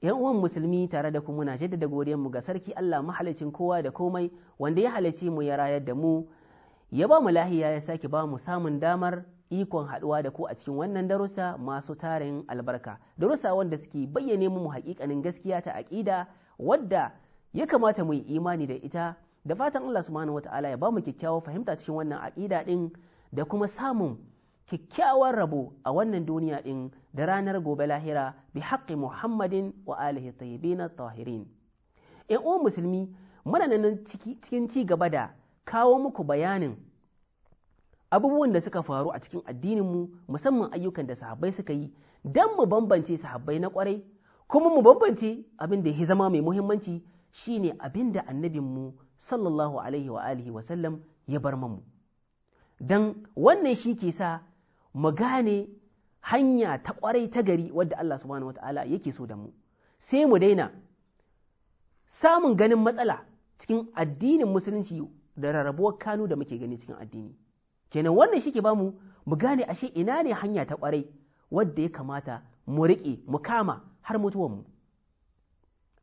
yan uwan musulmi tare da ku muna jaddada godiyar mu ga sarki Allah mahalicin kowa da komai wanda ya halice mu ya rayar da mu ya ba mu lahiya ya sake ba mu samun damar ikon haduwa da ku a cikin wannan darussa masu tarin albarka darussa wanda suke bayyane mu haƙiƙanin gaskiya ta aƙida wadda ya kamata mu yi imani da ita da fatan Allah subhanahu wataala ya ba mu kyakkyawar fahimta cikin wannan aƙida ɗin da kuma samun Kyakkyawar rabo a wannan duniya ɗin da ranar gobe lahira bi haƙƙi muhammadin wa alihi tayyibina tahirin yan uwan musulmi muna nan cikin ci gaba da kawo muku bayanin abubuwan da suka faru a cikin addininmu musamman ayyukan da sahabbai suka yi don mu bambance sahabbai na kwarai kuma mu bambance abin da ya zama mai muhimmanci shine abin da annabinmu sallallahu alaihi wa alihi wa sallam ya bar mamu don wannan shi ke sa mu gane hanya ta kwarai ta gari wadda Allah subhanahu wata'ala yake so da mu sai mu daina samun ganin matsala cikin addinin musulunci da rarrabuwar kanu da muke gani cikin addini kenan wannan shi ke bamu mu gane ashe ina ne hanya ta kwarai wadda ya kamata mu riƙe mu kama har mu.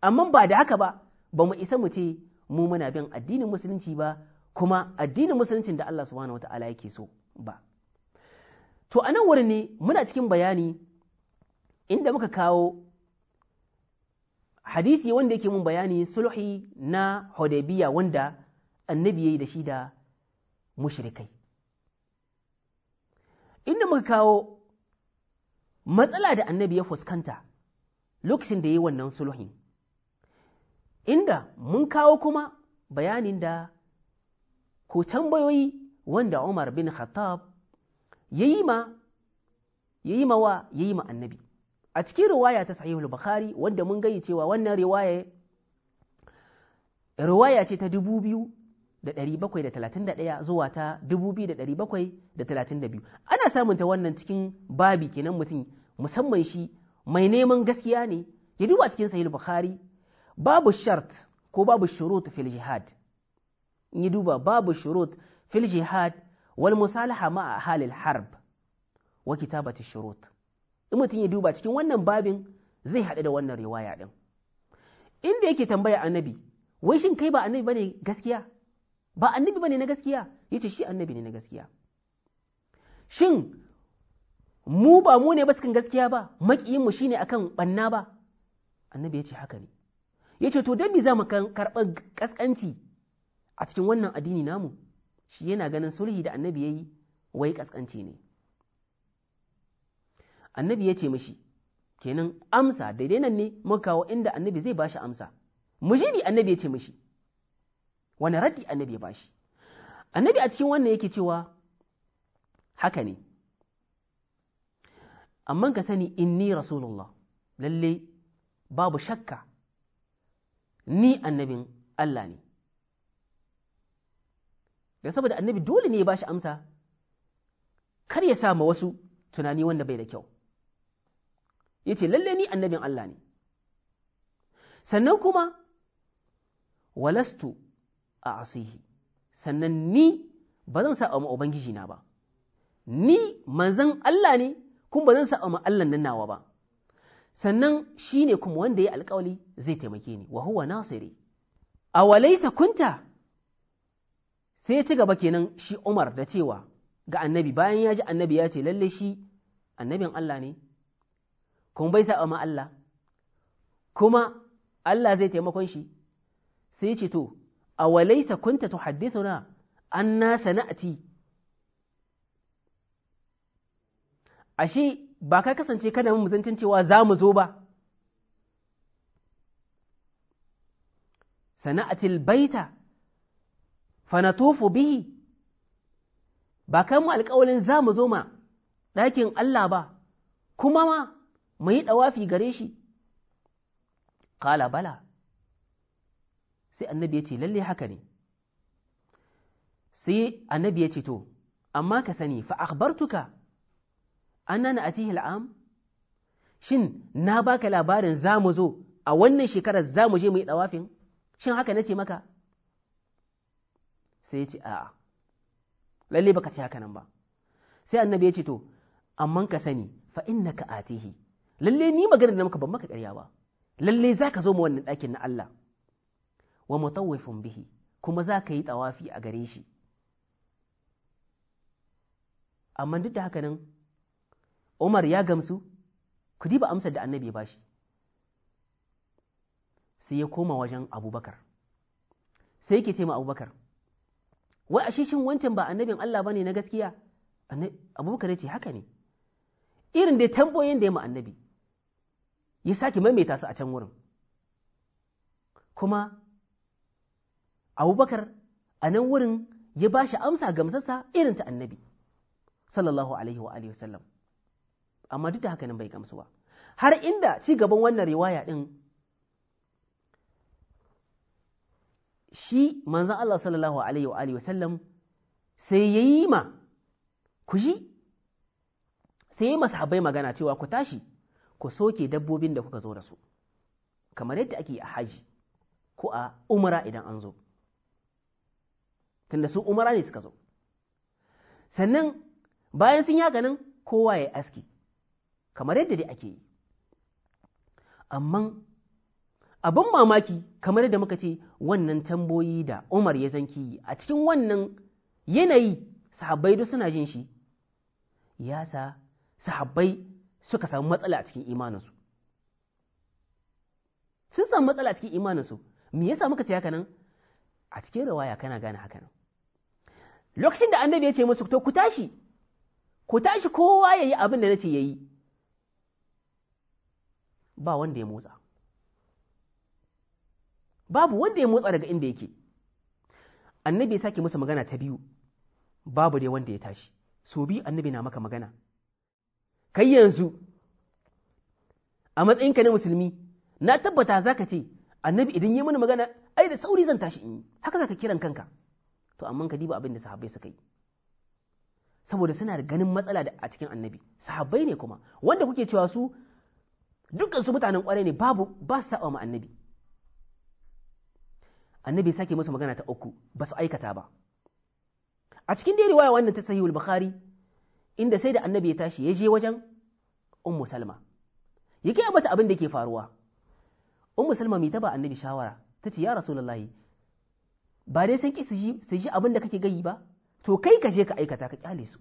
amma ba da haka ba ba mu isa mu ce mu muna bin addinin musulunci ba kuma addinin musuluncin da Allah subhanahu wata'ala yake so ba to a nan wurin ne muna cikin bayani inda muka kawo hadisi wanda yake mun bayani sulhi na Hudaybiyya wanda annabi yayi da shi da mushrikai inda muka kawo matsala da annabi ya fuskanta lokacin da yayi wannan sulhin inda mun kawo kuma bayanin da ko tambayoyi wanda Umar bin Khattab ya yi ma ya yi wa ya ma annabi a cikin riwaya ta sahihul bukhari wanda mun gayi cewa wannan riwaya riwaya ce ta 2731 zuwa ta 2732 ana samun ta wannan cikin babi kenan mutum musamman shi mai neman gaskiya ne ya duba cikin al bukhari babu shart ko babu shurut fil jihad in yi duba babu shurut fil jihad wal musalaha ma halil harb wa kitabati shurut in mutum ya duba cikin wannan babin zai haɗu da wannan riwaya ɗin inda yake tambaya annabi wai shin kai ba annabi bane gaskiya ba annabi bane na gaskiya yace shi annabi ne na gaskiya shin mu ba mu ne ba cikin gaskiya ba makiyin mu shine akan banna ba annabi yace haka ne yace to dan me za mu karɓar kaskanci a cikin wannan addini namu shi yana ganin sulhi da annabi ya yi wai kaskanci ne annabi ya ce mashi kenan amsa daidai nan ne muka kawo inda annabi zai bashi amsa mujibi annabi ya ce mashi wani raddi annabi ya bashi annabi a cikin wannan yake cewa haka ne amma ka sani inni rasulullah lalle babu shakka ni annabin Allah ne da saboda annabi dole ne ya bashi amsa kar ya sa ma wasu tunani wanda bai da kyau ya ce lalle ni annabin Allah ne sannan kuma walastu a asihi sannan ni ba zan sa ma Ubangiji na ba ni manzan Allah ne kuma ba zan sa ma Allah nan nawa ba sannan shi ne kuma wanda ya alkawali zai taimake ni wa huwa nasiri a walaisa kunta sai ya ci gaba kenan shi Umar da cewa ga annabi bayan ya ji annabi ya ce lalle shi annabin Allah ne kuma bai saba ma Allah kuma Allah zai taimakon shi sai ce to a walaisa kunta tuhaddithuna na sana'ati ashe ba ka kasance kana mu zancin cewa za mu zo ba sana'atil baita fanatufu bihi ba kai mu alƙawalin za mu zo ma ɗakin Allah ba kuma ma mu yi ɗawafi gare shi ƙala bala sai annabi ya ce lalle haka ne sai annabi ya ce to amma ka sani fa akhbartuka annana atihi al'am shin na baka labarin za mu zo a wannan shekarar za mu je mu yi ɗawafin shin haka na ce maka sai ya ce a'a lalle baka ce haka nan ba sai annabi ya ce to amma ka sani fa innaka atihi lalle ni magana da maka ban maka ƙarya ba lalle zaka zo mu wannan ɗakin na Allah wa mutawwifun bihi kuma zaka yi tawafi a gare shi amma duk da haka nan Umar ya gamsu ku diba amsar da annabi ya bashi sai ya koma wajen abubakar sai yake ce ma abubakar wai ashe shin wancan ba annabin Allah bane na gaskiya abubakar ya ce haka ne irin da tamboyin da ya annabi ya sake maimaita su a can wurin kuma abubakar a nan wurin ya ba shi amsa musassa irin ta annabi sallallahu alaihi wa alihi wasallam amma duk da haka nan bai gamsu ba har inda ci gaban wannan riwaya din shi manzan Allah sallallahu alaihi wa alihi wasallam sai yayi ma ku ji sai yayi masahabai magana cewa ku tashi ku soke dabbobin da kuka zo da su kamar yadda ake a haji ko a umara idan an zo tunda su umara ne suka zo sannan bayan sun ya ganin kowa ya aski kamar yadda dai ake yi amman abin mamaki kamar da muka ce wannan tamboyi da Umar ya zanki a cikin wannan yanayi sahabbai duk suna jin shi ya sa sahabbai suka samu matsala a cikin imaninsu sun samu matsala a cikin imaninsu me yasa muka ce haka nan a cikin rawaya kana gane haka nan lokacin da annabi ya ce masu to ku tashi ku tashi kowa yayi abin da na ce ya yi? ba wanda ya motsa babu wanda ya motsa daga inda yake annabi ya sake masa magana ta biyu babu dai wanda ya tashi so bi annabi na maka magana kai yanzu a matsayinka na musulmi na tabbata za ka ce annabi idan yi mana magana ai da sauri zan tashi in yi haka ka kiran kanka to amma ka diba abin da sahabbai suka yi saboda suna da ganin matsala da a cikin annabi sahabbai ne kuma wanda kuke cewa su dukkan su mutanen kwarai ne babu ba su saba ma annabi annabi sake musu magana ta uku ba su aikata ba a cikin dai riwaya wannan ta sahihul bukhari inda sai da annabi ya tashi ya je wajen ummu salma ya kai mata abin da ke faruwa ummu salma mai taba annabi shawara ta ce ya rasulullahi ba dai sun ki su ji abin da kake gayi ba to kai ka je ka aikata ka kyale su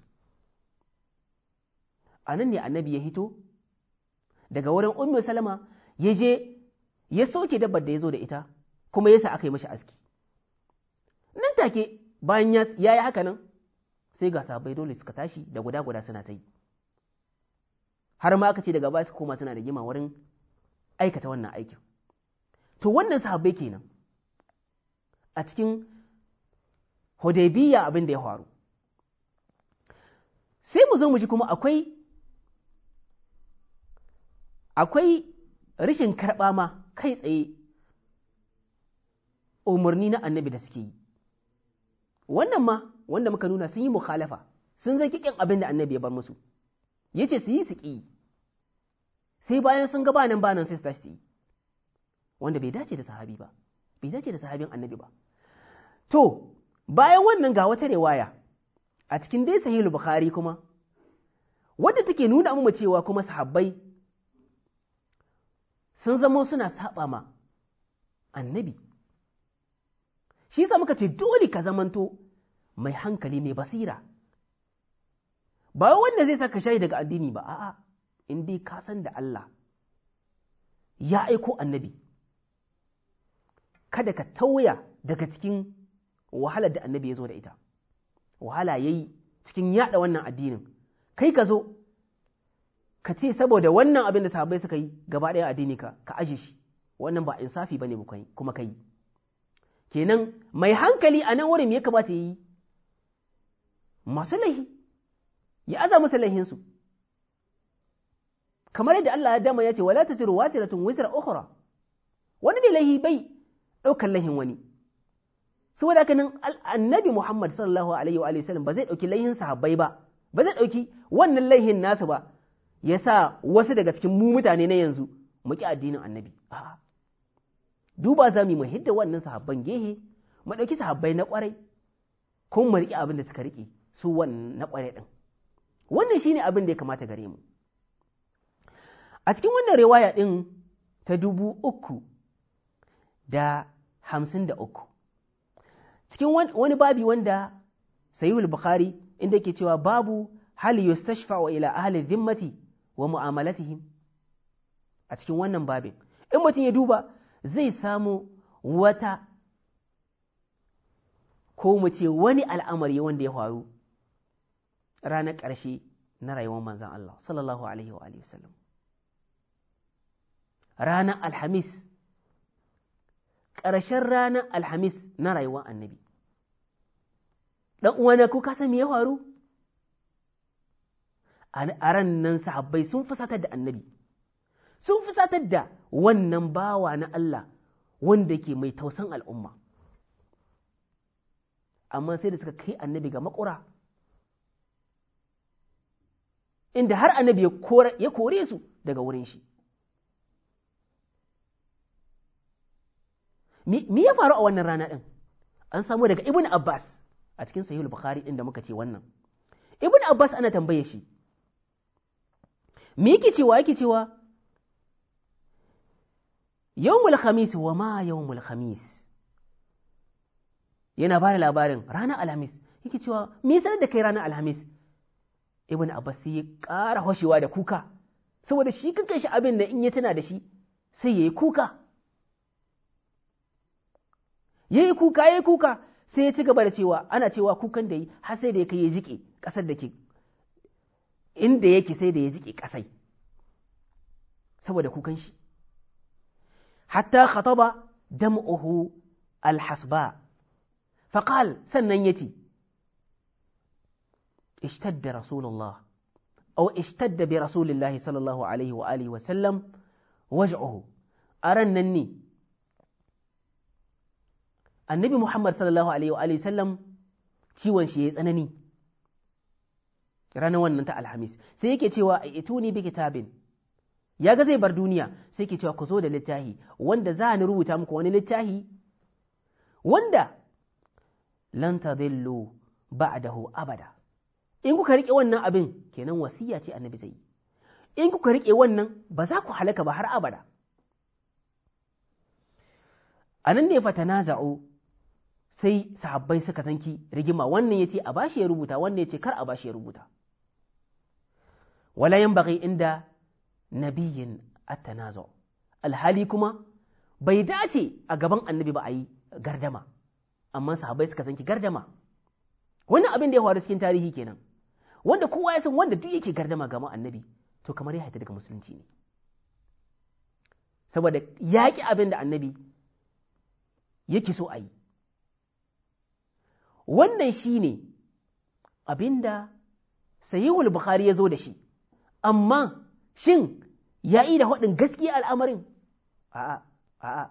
Anan ne annabi ya hito daga wurin ummu salma ya je ya soke dabbar da ya zo da ita kuma yasa aka yi mashi aski nan take bayan ya yi haka nan sai ga sabai dole suka tashi da guda guda suna ta yi har ma aka ce daga baya suka koma suna da gima wurin aikata wannan aikin to wannan sahabbai kenan a cikin hudaybiya abin da ya faru sai mu zo mu ji kuma akwai akwai rashin karɓa ma kai tsaye umarni na annabi da suke yi wannan ma wanda muka nuna sun yi mukhalafa sun zai kikin abin da annabi ya bar musu ya ce su yi su ƙi sai bayan sun gaba nan banan sai su tashi yi wanda bai dace da sahabi ba bai dace da sahabin annabi ba to bayan wannan ga wata riwaya a cikin dai sahihul bukhari kuma wadda take nuna mu cewa kuma sahabbai sun zamo suna saba ma annabi shi yasa muka ce dole ka zamanto mai hankali mai basira ba wanda zai saka shayi daga addini ba a'a in dai ka san da Allah ya aiko annabi kada ka tauya daga cikin wahalar da annabi ya zo da ita wahala yayi cikin yada wannan addinin kai ka zo ka ce saboda wannan abin da sahabbai suka yi gaba ɗaya addini ka ka aje shi wannan ba insafi bane kuma kai kenan mai hankali a nan wurin ya kamata yi masu laihi ya aza musu laihinsu kamar yadda Allah ya dama ya ce wala tasiru wasiratun wisra ukhra wani ne laihi bai ɗaukar laihin wani saboda haka nan annabi Muhammad sallallahu alaihi wa sallam ba zai ɗauki lahin sahabbai ba ba zai ɗauki wannan laihin nasu ba ya sa wasu daga cikin mu mutane na yanzu mu ki addinin annabi a'a duba za mu hidda wannan sahabban gehe mu ɗauki sahabbai na ƙwarai kuma mu riƙe abin da suka riƙe su wannan na ƙwarai ɗin wannan shine abin da ya kamata gare mu a cikin wannan riwaya ɗin ta dubu uku da hamsin da uku cikin wani babi wanda sayihul bukhari inda ke cewa babu hal yustashfa wa ila ahli dhimmati wa mu'amalatihim a cikin wannan babin in mutum ya duba zai samu wata ko mu ce wani al'amari wanda ya faru ranar ƙarshe na rayuwar manzan Allah sallallahu Alaihi wa sallam. Ranar Alhamis, ƙarshen ranar Alhamis na rayuwar annabi. Ɗan uwana ko kasan me ya faru? A ran nan sahabbai sun fusatar da annabi. sun fi satar da wannan bawa na Allah wanda ke mai tausan al'umma amma sai da suka kai annabi ga makura inda har annabi ya kore su daga wurin shi me ya faru a wannan rana ɗin an samu daga ibn abbas a cikin sahihul bukhari inda muka ce wannan ibn abbas ana tambaye shi me yake cewa yake cewa yawmul khamis wa ma yawmul khamis yana bada labarin ranar alhamis yake cewa me sanar da kai ranar alhamis ibn abbas sai ya ƙara hoshewa da kuka saboda shi kake shi abin da in ya tana da shi sai yayi kuka yayi kuka yayi kuka sai ya ci gaba da cewa ana cewa kukan da yi har sai da ya kai ya jike ƙasar da ke inda yake sai da ya jike ƙasai saboda kukan shi hatta khataba dam'uhu alhasba faqal sannan yace ishtadda rasulullah aw ishtadda bi rasulillahi sallallahu alaihi wa alihi wa sallam waj'uhu aran nan ne annabi muhammad sallallahu alaihi wa ciwon shi yayi tsanani ranar wannan ta alhamis sai yake cewa ituni bi kitabin ya ga zai bar duniya sai ke cewa ku zo da littafi wanda za ni rubuta muku wani littafi wanda lan tadillu ba'dahu abada in kuka rike wannan abin kenan wasiya ce annabi zai in kuka rike wannan ba za ku halaka ba har abada anan ne fatanaza'u sai sahabbai suka ki rigima wannan yace a bashi ya rubuta wannan yace kar a bashi ya rubuta wala yan inda nabiyyin atanazo alhali kuma bai dace a gaban annabi ba a yi gardama amma sahabbai suka san ki gardama wannan abin da ya faru cikin tarihi kenan wanda kowa ya san wanda duk yake gardama ga annabi to kamar ya haita daga musulunci ne saboda yaƙi abin da annabi yake so a yi wannan shi ne abin da sayiwul bukhari ya zo da shi amma shin ya yi da haɗin gaskiya al'amarin a'a a'a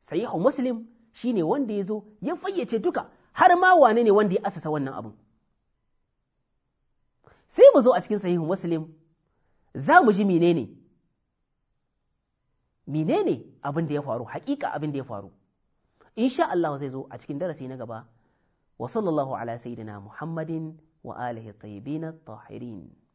sahihu muslim ne wanda ya zo ya fayyace duka har ma wane ne wanda ya asasa wannan abin sai mu zo a cikin sahihu muslim za mu ji menene menene abin da ya faru hakika abin da ya faru insha Allah zai zo a cikin darasi na gaba wa sallallahu ala sayyidina muhammadin wa alihi tayyibin tahirin